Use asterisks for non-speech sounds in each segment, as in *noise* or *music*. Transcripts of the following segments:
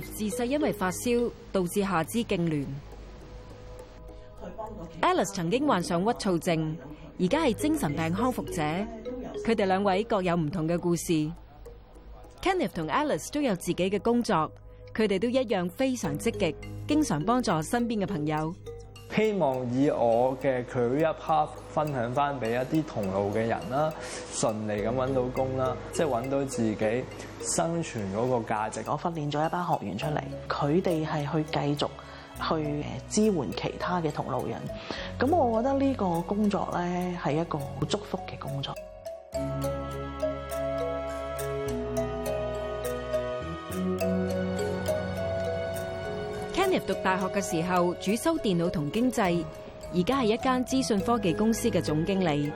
自細因為發燒導致下肢痙攣，Alice 曾經患上鬱躁症，而家係精神病康復者。佢哋兩位各有唔同嘅故事。Kenneth 同 Alice 都有自己嘅工作，佢哋都一樣非常積極，經常幫助身邊嘅朋友。希望以我嘅佢一 part 分，分享翻俾一啲同路嘅人啦，順利咁揾到工啦，即係揾到自己生存嗰個價值。我訓練咗一班學員出嚟，佢哋係去繼續去誒支援其他嘅同路人。咁我覺得呢個工作咧，係一個好祝福嘅工作。讀大學嘅時候主修電腦同經濟，而家係一間資訊科技公司嘅總經理。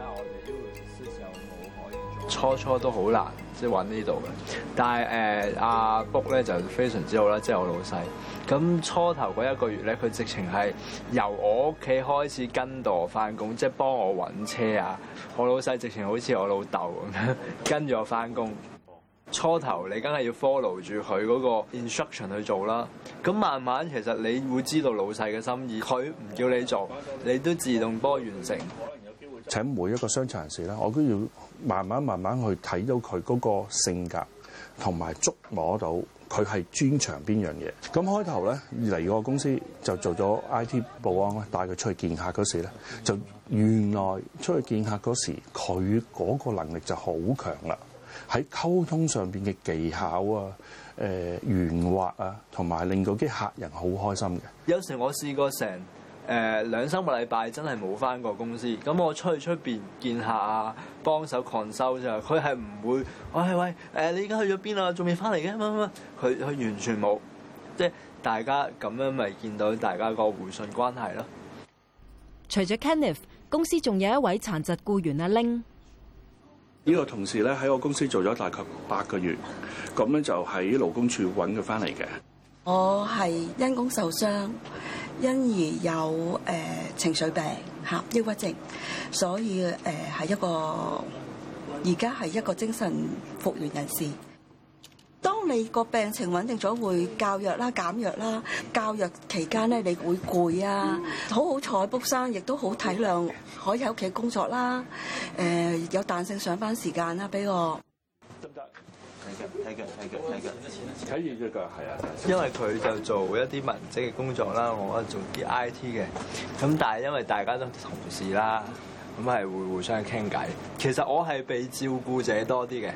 初初都好難即係搵呢度嘅，但係誒阿 book 咧就非常之好啦，即係我老細。咁初頭嗰一個月咧，佢直情係由我屋企開始跟度我翻工，即係幫我搵車啊。我老細直情好似我老豆咁樣跟住我翻工。初頭你梗係要 follow 住佢嗰個 instruction 去做啦，咁慢慢其實你會知道老細嘅心意，佢唔叫你做，你都自動幫完成。請每一個商場人士咧，我都要慢慢慢慢去睇到佢嗰個性格，同埋捉摸到佢係專長邊樣嘢。咁開頭咧嚟個公司就做咗 IT 保安啦，帶佢出去見客嗰時咧，就原來出去見客嗰時佢嗰個能力就好強啦。喺溝通上邊嘅技巧啊、誒、呃、圓滑啊，同埋令到啲客人好開心嘅。有時我試過成誒兩三個禮拜真係冇返過公司，咁我出去出邊見客啊，幫手 control 啫。佢係唔會，我、哎、係喂誒、呃，你而家去咗邊啊？仲未返嚟嘅乜乜乜？佢佢完全冇，即係大家咁樣咪見到大家個互信關係咯。除咗 Kenneth，公司仲有一位殘疾僱員阿 Ling。呢個同事咧喺我公司做咗大概八個月，咁咧就喺勞工處揾佢翻嚟嘅。我係因公受傷，因而有誒、呃、情緒病吓，抑鬱症，所以誒係、呃、一個而家係一個精神復原人士。當你個病情穩定咗，會減藥啦，減藥啦。減藥期間咧，你會攰啊。好好彩，卜生亦都好體諒，嗯、可以喺屋企工作啦。誒、嗯呃，有彈性上班時間啦，俾我。得唔得？睇腳，睇腳，睇腳，睇腳。睇住隻腳，係啊。因為佢就做一啲文職嘅工作啦，我係做啲 I T 嘅。咁但係因為大家都同事啦，咁係會互相傾偈。其實我係被照顧者多啲嘅。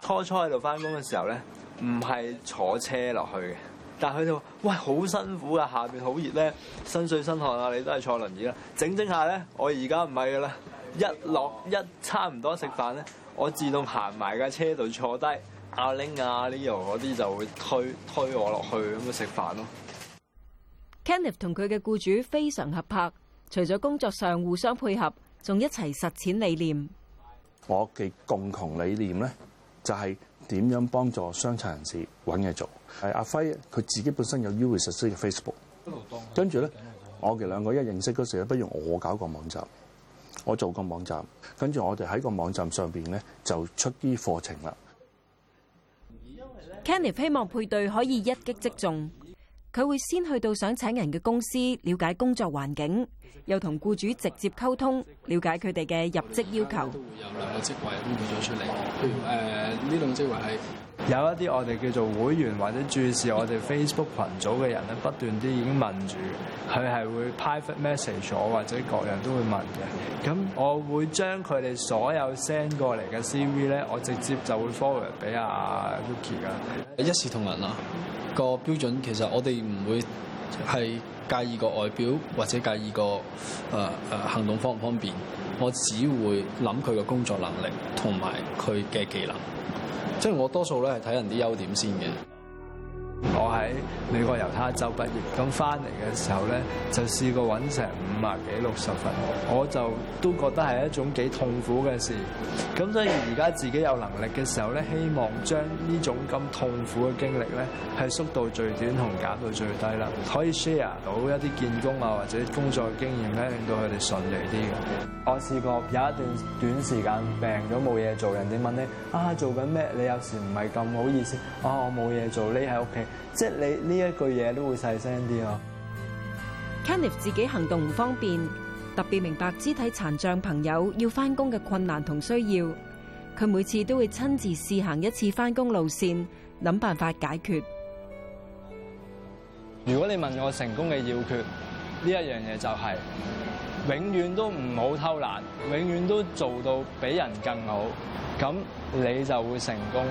初初喺度返工嘅時候咧。唔係坐車落去嘅，但係佢就話：喂，好辛苦啊，下面好熱咧，身水身汗啊！你都係坐輪椅啦。整整下咧，我而家唔係㗎啦，一落一差唔多食飯咧，我自動行埋架車度坐低，阿 Ling、啊、阿 Leo 嗰啲就會推推我落去咁食飯咯。Kenneth 同佢嘅僱主非常合拍，除咗工作上互相配合，仲一齊實踐理念。我嘅共同理念咧？就係點樣幫助傷殘人士揾嘢做？係阿輝，佢自己本身有優惠實施嘅 Facebook。跟住咧，我哋兩個一認識嗰時候，不如我搞個網站，我做個網站，跟住我哋喺個網站上邊咧就出啲課程啦。Kenneth 希望配對可以一擊即中。佢會先去到想請人嘅公司了解工作環境，又同僱主直接溝通，了解佢哋嘅入職要求。有兩個職位換咗出嚟，譬如誒呢兩職位係有一啲我哋叫做會員或者注視我哋 Facebook 群組嘅人咧，不斷啲已經問住佢係會 private message 我，或者各樣都會問嘅。咁我會將佢哋所有 send 過嚟嘅 CV 咧，我直接就會 forward 俾阿 Rookie 噶。一視同仁啊！這個標準其實我哋唔會係介意個外表或者介意個誒誒、呃呃、行動方唔方便，我只會諗佢個工作能力同埋佢嘅技能，即係我多數咧係睇人啲優點先嘅。我喺美國猶他州畢業，咁翻嚟嘅時候咧，就試過揾成五廿幾六十份工。我就都覺得係一種幾痛苦嘅事。咁所以而家自己有能力嘅時候咧，希望將呢種咁痛苦嘅經歷咧，係縮到最短同減到最低啦。可以 share 到一啲見工啊，或者工作經驗咧，令到佢哋順利啲嘅。我試過有一段短時間病咗冇嘢做，人哋問咧啊做緊咩？你有時唔係咁好意思啊，我冇嘢做，匿喺屋企。即係你呢一句嘢都會細聲啲咯。Kenneth 自己行動唔方便，特別明白肢體殘障朋友要翻工嘅困難同需要，佢每次都會親自試行一次翻工路線，諗辦法解決。如果你問我成功嘅要訣，呢一樣嘢就係、是、永遠都唔好偷懶，永遠都做到比人更好，咁你就會成功。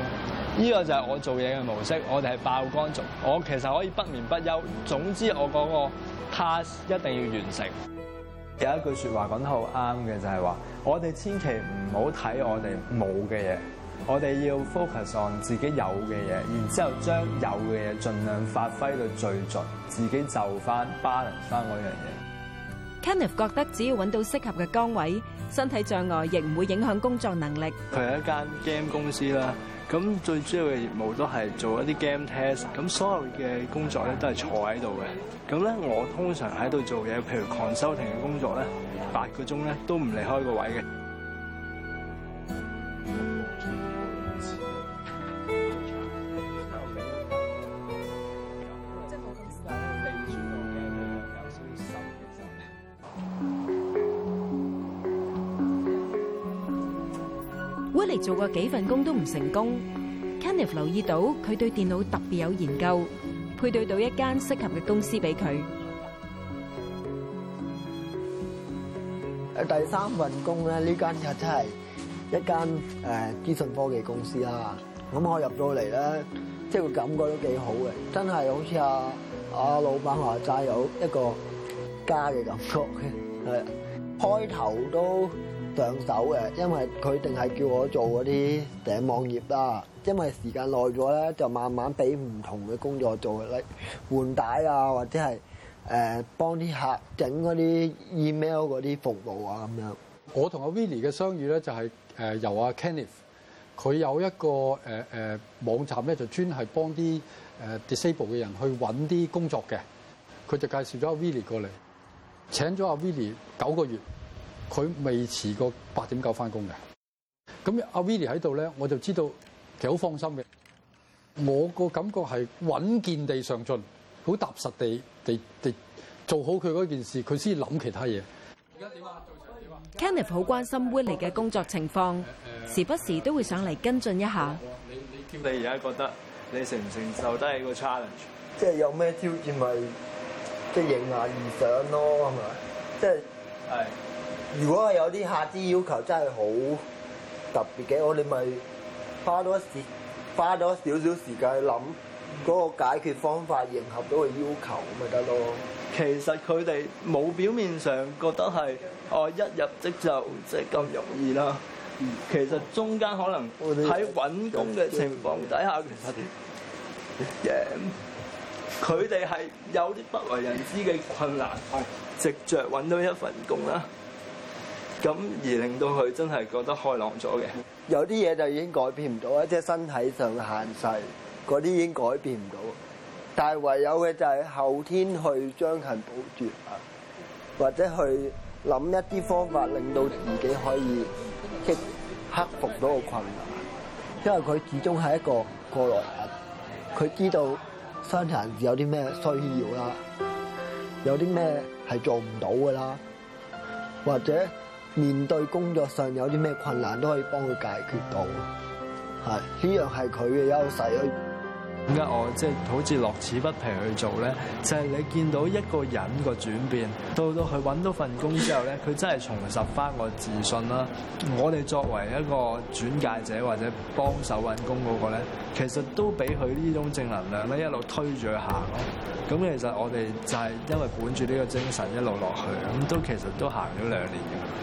呢個就係我做嘢嘅模式，我哋係爆肝族。我其實可以不眠不休，總之我嗰個 task 一定要完成。有一句説話講得好啱嘅，就係話：我哋千祈唔好睇我哋冇嘅嘢，我哋要 focus on 自己有嘅嘢，然之後將有嘅嘢盡量發揮到最盡，自己就翻 balance 翻嗰樣嘢。Kenneth 覺得只要揾到適合嘅崗位，身體障礙亦唔會影響工作能力。佢係一間 game 公司啦。咁最主要嘅業務都係做一啲 game test，咁所有嘅工作咧都係坐喺度嘅。咁咧，我通常喺度做嘢，譬如講 console 嘅工作咧，八個鐘咧都唔離開個位嘅。出嚟做過幾份工都唔成功，Kenneth 留意到佢對電腦特別有研究，配對到一間適合嘅公司俾佢。第三份工咧，呢間又真係一間誒資訊科技公司啦。咁我入到嚟咧，即係感覺都幾好嘅，真係好似阿阿老闆話齋有一個家嘅感覺嘅，係開頭都，上手嘅，因為佢定係叫我做啲寫網頁啦。因為時間耐咗咧，就慢慢俾唔同嘅工作做咧，換帶啊，或者係誒、呃、幫啲客整啲 email 啲服務啊咁樣，我同阿 Vinnie 嘅相遇咧就係誒由阿 Kenneth，佢有一個誒誒、呃呃、網站咧就專係幫啲誒 disable 嘅人去揾啲工作嘅，佢就介紹咗阿 Vinnie 過嚟，請咗阿 Vinnie 九個月。佢未遲過八點九返工嘅，咁阿 Willie 喺度咧，我就知道其實好放心嘅。我個感覺係穩健地上進，好踏實地地地做好佢嗰件事，佢先諗其他嘢。而家點啊？做長點啊？Kenneth 好關心 Willie 嘅工作情況，時不時都會上嚟跟進一下。你你咁你而家覺得你承唔承受得起個 challenge？即係有咩挑戰，咪即係迎難而上咯，係咪？即係。如果係有啲客資要求真係好特別嘅，我哋咪花多時花多少少時間去諗嗰個解決方法，迎合到佢要求咪得咯。其實佢哋冇表面上覺得係哦一入職就即係咁容易啦。其實中間可能喺揾工嘅情況底下，其實佢哋係有啲不為人知嘅困難，係藉著揾到一份工啦。咁而令到佢真係覺得開朗咗嘅，有啲嘢就已經改變唔到啦，即係身體上嘅限制，嗰啲已經改變唔到。但係唯有嘅就係後天去將勤補拙，或者去諗一啲方法，令到自己可以即刻克服到個困難。因為佢始終係一個過來人，佢知道身殘有啲咩需要啦，有啲咩係做唔到噶啦，或者。面對工作上有啲咩困難都可以幫佢解決到，係呢樣係佢嘅優勢咯。點解我即係好似樂此不疲去做咧？就係你見到一個人個轉變，到到佢揾到份工之後咧，佢真係重拾翻個自信啦。我哋作為一個轉介者或者幫手揾工嗰個咧，其實都俾佢呢種正能量咧一路推住佢行咯。咁其實我哋就係因為本住呢個精神一路落去，咁都其實都行咗兩年嘅。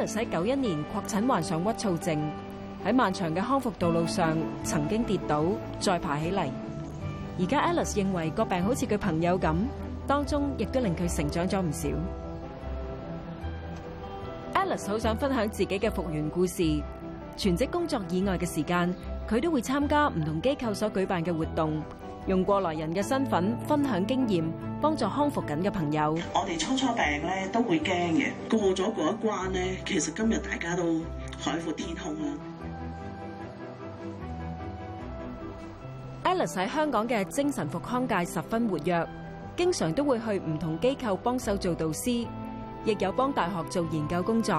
Alice 喺九一年確診患上鬱躁症，喺漫長嘅康復道路上，曾經跌倒再爬起嚟。而家 Alice 認為個病好似佢朋友咁，當中亦都令佢成長咗唔少。Alice 好想分享自己嘅復原故事。全職工作以外嘅時間，佢都會參加唔同機構所舉辦嘅活動。用過來人嘅身份分享經驗，幫助康復緊嘅朋友。我哋初初病咧都會驚嘅，過咗嗰一關咧，其實今日大家都海闊天空啦。Alice 喺香港嘅精神復康界十分活躍，經常都會去唔同機構幫手做導師，亦有幫大學做研究工作。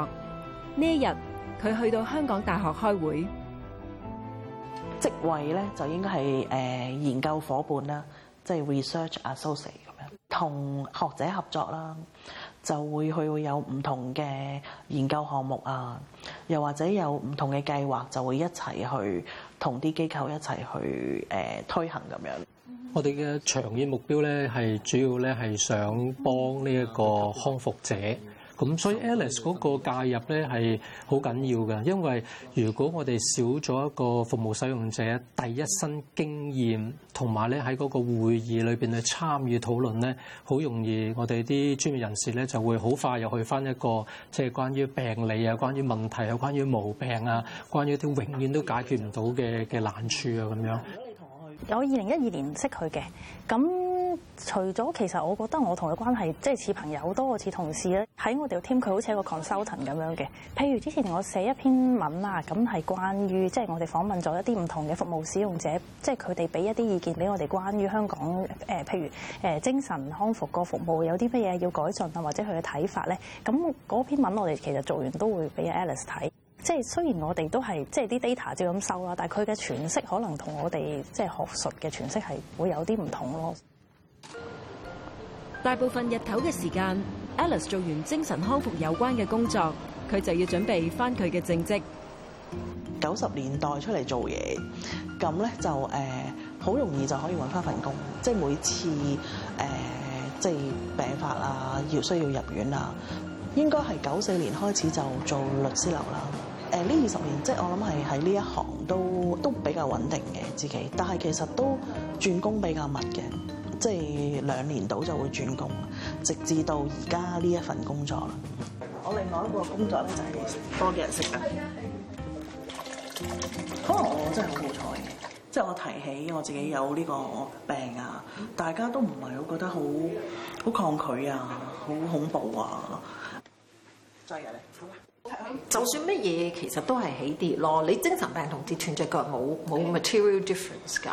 呢一日佢去到香港大學開會。職位咧就應該係誒研究伙伴啦，即係 research associate 咁樣同學者合作啦，就會去會有唔同嘅研究項目啊，又或者有唔同嘅計劃，就會一齊去同啲機構一齊去誒、呃、推行咁樣。我哋嘅長遠目標咧，係主要咧係想幫呢一個康復者。咁、嗯、所以 Alice 嗰個介入咧係好緊要嘅，因為如果我哋少咗一個服務使用者第一身經驗同埋咧喺嗰個會議裏邊去參與討論咧，好容易我哋啲專業人士咧就會好快又去翻一個即係、就是、關於病理啊、關於問題啊、關於毛病啊、關於啲永遠都解決唔到嘅嘅難處啊咁樣。如果你同我去，我二零一二年唔識佢嘅，咁。除咗其實，我覺得我同佢關係即係似朋友多過似同事咧。喺我哋度 team，佢好似一個 consultant 咁樣嘅。譬如之前我寫一篇文啦咁係關於即係我哋訪問咗一啲唔同嘅服務使用者，即係佢哋俾一啲意見俾我哋，關於香港、呃、譬如、呃、精神康復個服務有啲乜嘢要改進啊，或者佢嘅睇法咧。咁嗰篇文我哋其實做完都會俾 Alice 睇。即係雖然我哋都係即係啲 data 照咁收啦，但係佢嘅詮釋可能同我哋即係學術嘅詮釋係會有啲唔同咯。大部分日頭嘅時間，Alice 做完精神康復有關嘅工作，佢就要準備翻佢嘅正職。九十年代出嚟做嘢，咁咧就誒好、呃、容易就可以搵翻份工。即、就、係、是、每次誒即係病發啊，要需要入院啊，應該係九四年開始就做律師樓啦。誒呢二十年，即、就、係、是、我諗係喺呢一行都都比較穩定嘅自己，但係其實都轉工比較密嘅。即係兩年到就會轉工，直至到而家呢一份工作啦。我另外一個工作咧就係多嘅人識嘅，可能我真係好好彩嘅，即係我提起我自己有呢個病啊，大家都唔係好覺得好好抗拒啊，好恐怖啊。再日嚟，好啦。就算乜嘢，其實都係起跌咯。你精神病同志斷隻腳冇冇 material difference 㗎。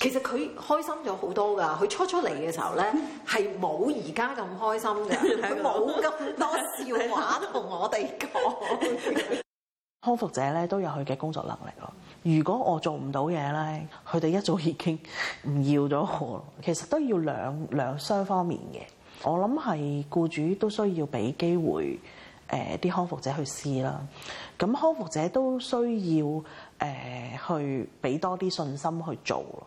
其實佢開心咗好多㗎。佢初初嚟嘅時候咧，係冇而家咁開心嘅。佢冇咁多笑話同 *laughs* 我哋講。 *laughs* 康復者咧都有佢嘅工作能力咯。如果我做唔到嘢咧，佢哋一早已經唔要咗我。其實都要兩兩雙方面嘅。我諗係僱主都需要俾機會。誒啲康復者去試啦，咁康復者都需要誒去俾多啲信心去做咯。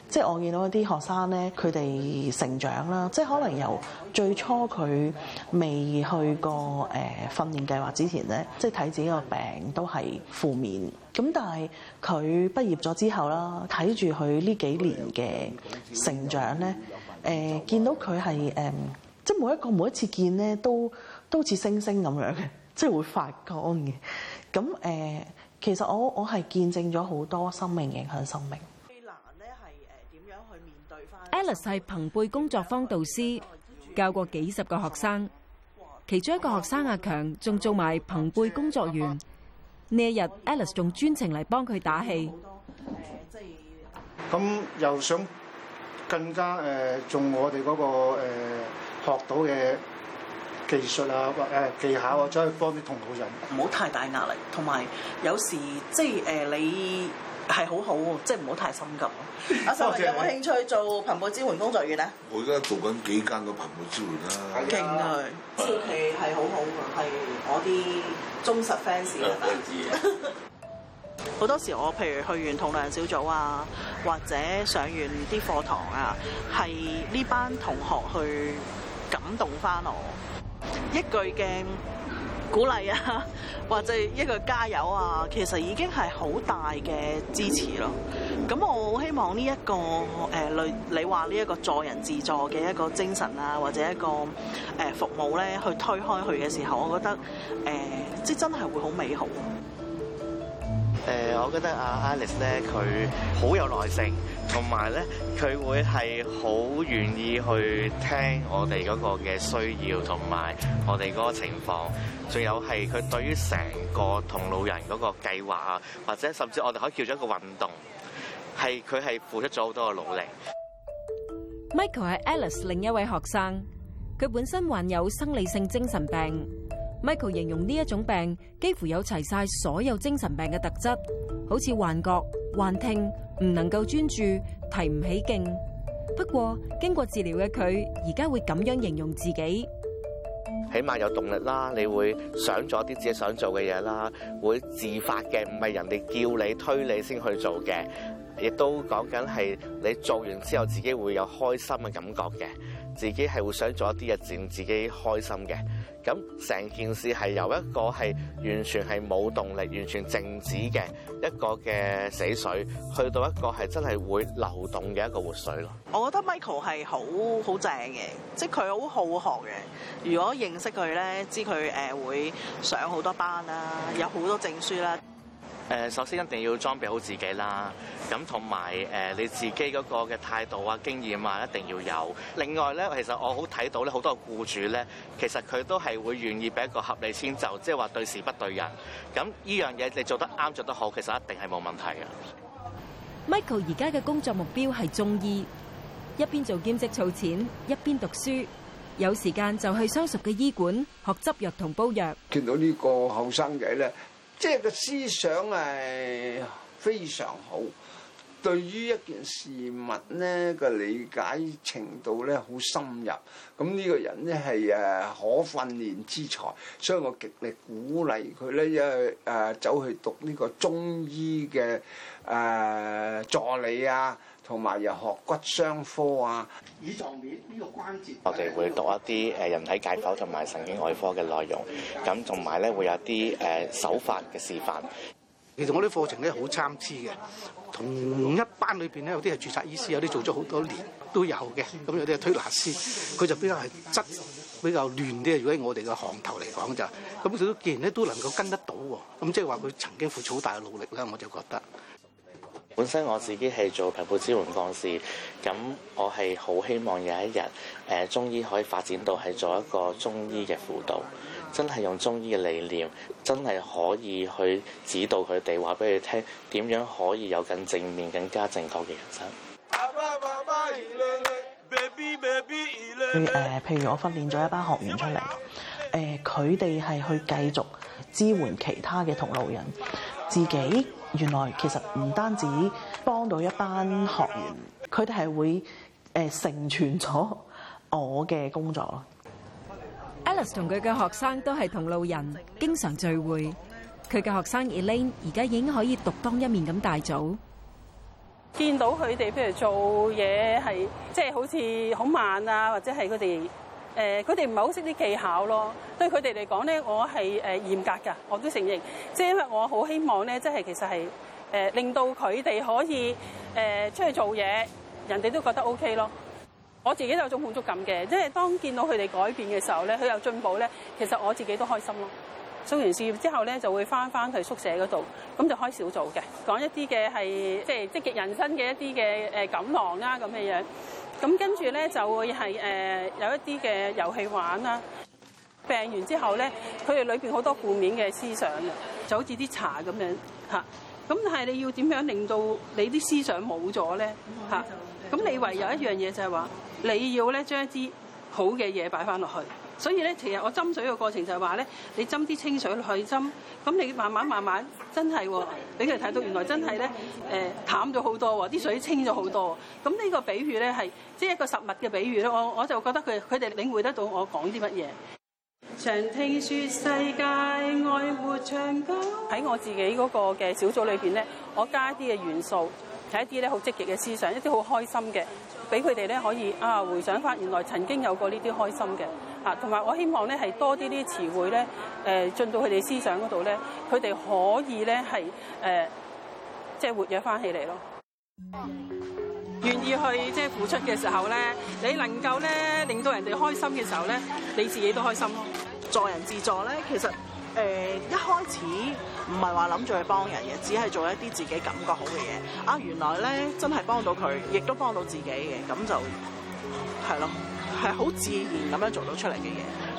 即係我見到一啲學生咧，佢哋成長啦，即係可能由最初佢未去過誒、呃、訓練計劃之前咧，即係睇自己個病都係負面。咁但係佢畢業咗之後啦，睇住佢呢幾年嘅成長咧，誒、呃、見到佢係誒即係每一個每一次見咧，都都似星星咁樣嘅，即係會發光嘅。咁誒、呃、其實我我係見證咗好多生命影響生命。Alice 係朋輩工作坊導師，教過幾十個學生，其中一個學生阿強仲做埋朋輩工作員，呢一日 Alice 仲專程嚟幫佢打氣。咁又想更加誒，用、呃、我哋嗰、那個誒、呃、學到嘅技術啊或誒技巧啊，再去幫啲同路人，唔好太大壓力。同埋有,有時即係誒你。係好好喎，即係唔好太心急，阿秀，有冇興趣做朋輩支援工作員咧？我而家做緊幾間個朋輩支援啦。勁啊！超祈係好好喎，係我啲忠實 fans。好、啊、 *laughs* 多時候我譬如去完同路人小組啊，或者上完啲課堂啊，係呢班同學去感動翻我一句嘅。鼓勵啊，或者一個加油啊，其實已經係好大嘅支持咯。咁我好希望呢、這、一個誒類、呃，你話呢一個助人自助嘅一個精神啊，或者一個誒、呃、服務咧，去推開佢嘅時候，我覺得誒、呃、即真係會好美好。誒，我覺得 Alice 咧，佢好有耐性，同埋咧，佢會係好願意去聽我哋嗰個嘅需要和我的情況，同埋我哋嗰個情況，仲有係佢對於成個同路人嗰個計劃啊，或者甚至我哋可以叫做一個運動，係佢係付出咗好多嘅努力。Michael 係 Alice 另一位學生，佢本身患有生理性精神病。Michael 形容呢一種病，幾乎有齊晒所有精神病嘅特質，好似幻覺、幻聽，唔能夠專注，提唔起勁。不過經過治療嘅佢，而家會咁樣形容自己，起碼有動力啦，你會想做啲自己想做嘅嘢啦，會自發嘅，唔係人哋叫你、推你先去做嘅，亦都講緊係你做完之後自己會有開心嘅感覺嘅。自己係會想做一啲嘅，漸自己開心嘅。咁成件事係由一個係完全係冇動力、完全靜止嘅一個嘅死水，去到一個係真係會流動嘅一個活水咯。我覺得 Michael 係好好正嘅，即係佢好好學嘅。如果認識佢咧，知佢誒會上好多班啦，有好多證書啦。誒，首先一定要裝備好自己啦，咁同埋誒你自己嗰個嘅態度啊、經驗啊，一定要有。另外咧，其實我好睇到咧，好多僱主咧，其實佢都係會願意俾一個合理遷就，即係話對事不對人。咁呢樣嘢你做得啱、做得好，其實一定係冇問題嘅。Michael 而家嘅工作目標係中醫，一邊做兼職儲錢，一邊讀書，有時間就去相熟嘅醫館學執藥同煲藥。見到這個呢個後生仔咧～即係個思想係非常好，對於一件事物咧個理解程度咧好深入，咁、這、呢個人咧係誒可訓練之才，所以我極力鼓勵佢咧一誒走去讀呢個中醫嘅誒助理啊。同埋又學骨傷科啊，耳狀面呢個關節，我哋會讀一啲誒人體解剖同埋神經外科嘅內容，咁同埋咧會有啲誒手法嘅示範。其實我啲課程咧好參差嘅，同一班裏邊咧有啲係註冊醫師，有啲做咗好多年都有嘅，咁有啲係推拿師，佢就比較係質比較亂啲。如果喺我哋嘅行頭嚟講就，咁佢都既然咧都能夠跟得到喎，咁即係話佢曾經付出好大嘅努力啦，我就覺得。本身我自己係做貧富支援幹事，咁我係好希望有一日，誒中醫可以發展到係做一個中醫嘅輔導，真係用中醫嘅理念，真係可以去指導佢哋，話俾佢聽點樣可以有更正面、更加正確嘅人生。譬如我訓練咗一班學員出嚟，佢哋係去繼續支援其他嘅同路人。自己原來其實唔單止幫到一班學員，佢哋係會誒、呃、成全咗我嘅工作。Alice 同佢嘅學生都係同路人，經常聚會，佢嘅學生 Elaine 而家已經可以獨當一面咁大組。見到佢哋譬如做嘢係即係好似好慢啊，或者係佢哋。誒佢哋唔係好識啲技巧咯，對佢哋嚟講咧，我係誒嚴格噶，我都承認。即係因為我好希望咧，即係其實係誒、呃、令到佢哋可以誒、呃、出去做嘢，人哋都覺得 OK 咯。我自己有種滿足感嘅，即係當見到佢哋改變嘅時候咧，佢有進步咧，其實我自己都開心咯。做完事業之後咧，就會翻返去宿舍嗰度，咁就開小組嘅，講一啲嘅係即係積極人生嘅一啲嘅誒錦囊啦咁嘅樣。咁跟住咧就會係誒、呃、有一啲嘅遊戲玩啦。病完之後咧，佢哋裏邊好多負面嘅思想嘅，就好似啲茶咁樣嚇。咁但係你要點樣令到你啲思想冇咗咧吓？咁你唯有一樣嘢就係話、嗯、你要咧將一啲好嘅嘢擺翻落去。所以咧，其實我斟水嘅過程就係話咧，你斟啲清水去斟，咁你慢慢慢慢真係俾佢睇到，哦、原來真係咧誒淡咗好多喎，啲水清咗好多。咁呢個比喻咧係即係一個實物嘅比喻咯。我我就覺得佢佢哋領會得到我講啲乜嘢。常聽説世界愛沒長久。喺我自己嗰個嘅小組裏面咧，我加一啲嘅元素，係一啲咧好積極嘅思想，一啲好開心嘅，俾佢哋咧可以啊回想翻原來曾經有過呢啲開心嘅。啊，同埋我希望咧係多啲啲詞彙咧，誒、呃、進到佢哋思想嗰度咧，佢哋可以咧係誒，即係、呃就是、活躍翻起嚟咯。願意去即係、就是、付出嘅時候咧，你能夠咧令到人哋開心嘅時候咧，你自己都開心咯。助人自助咧，其實誒、呃、一開始唔係話諗住去幫人嘅，只係做一啲自己感覺好嘅嘢。啊，原來咧真係幫到佢，亦都幫到自己嘅，咁就係咯。係好自然咁樣做到出嚟嘅嘢。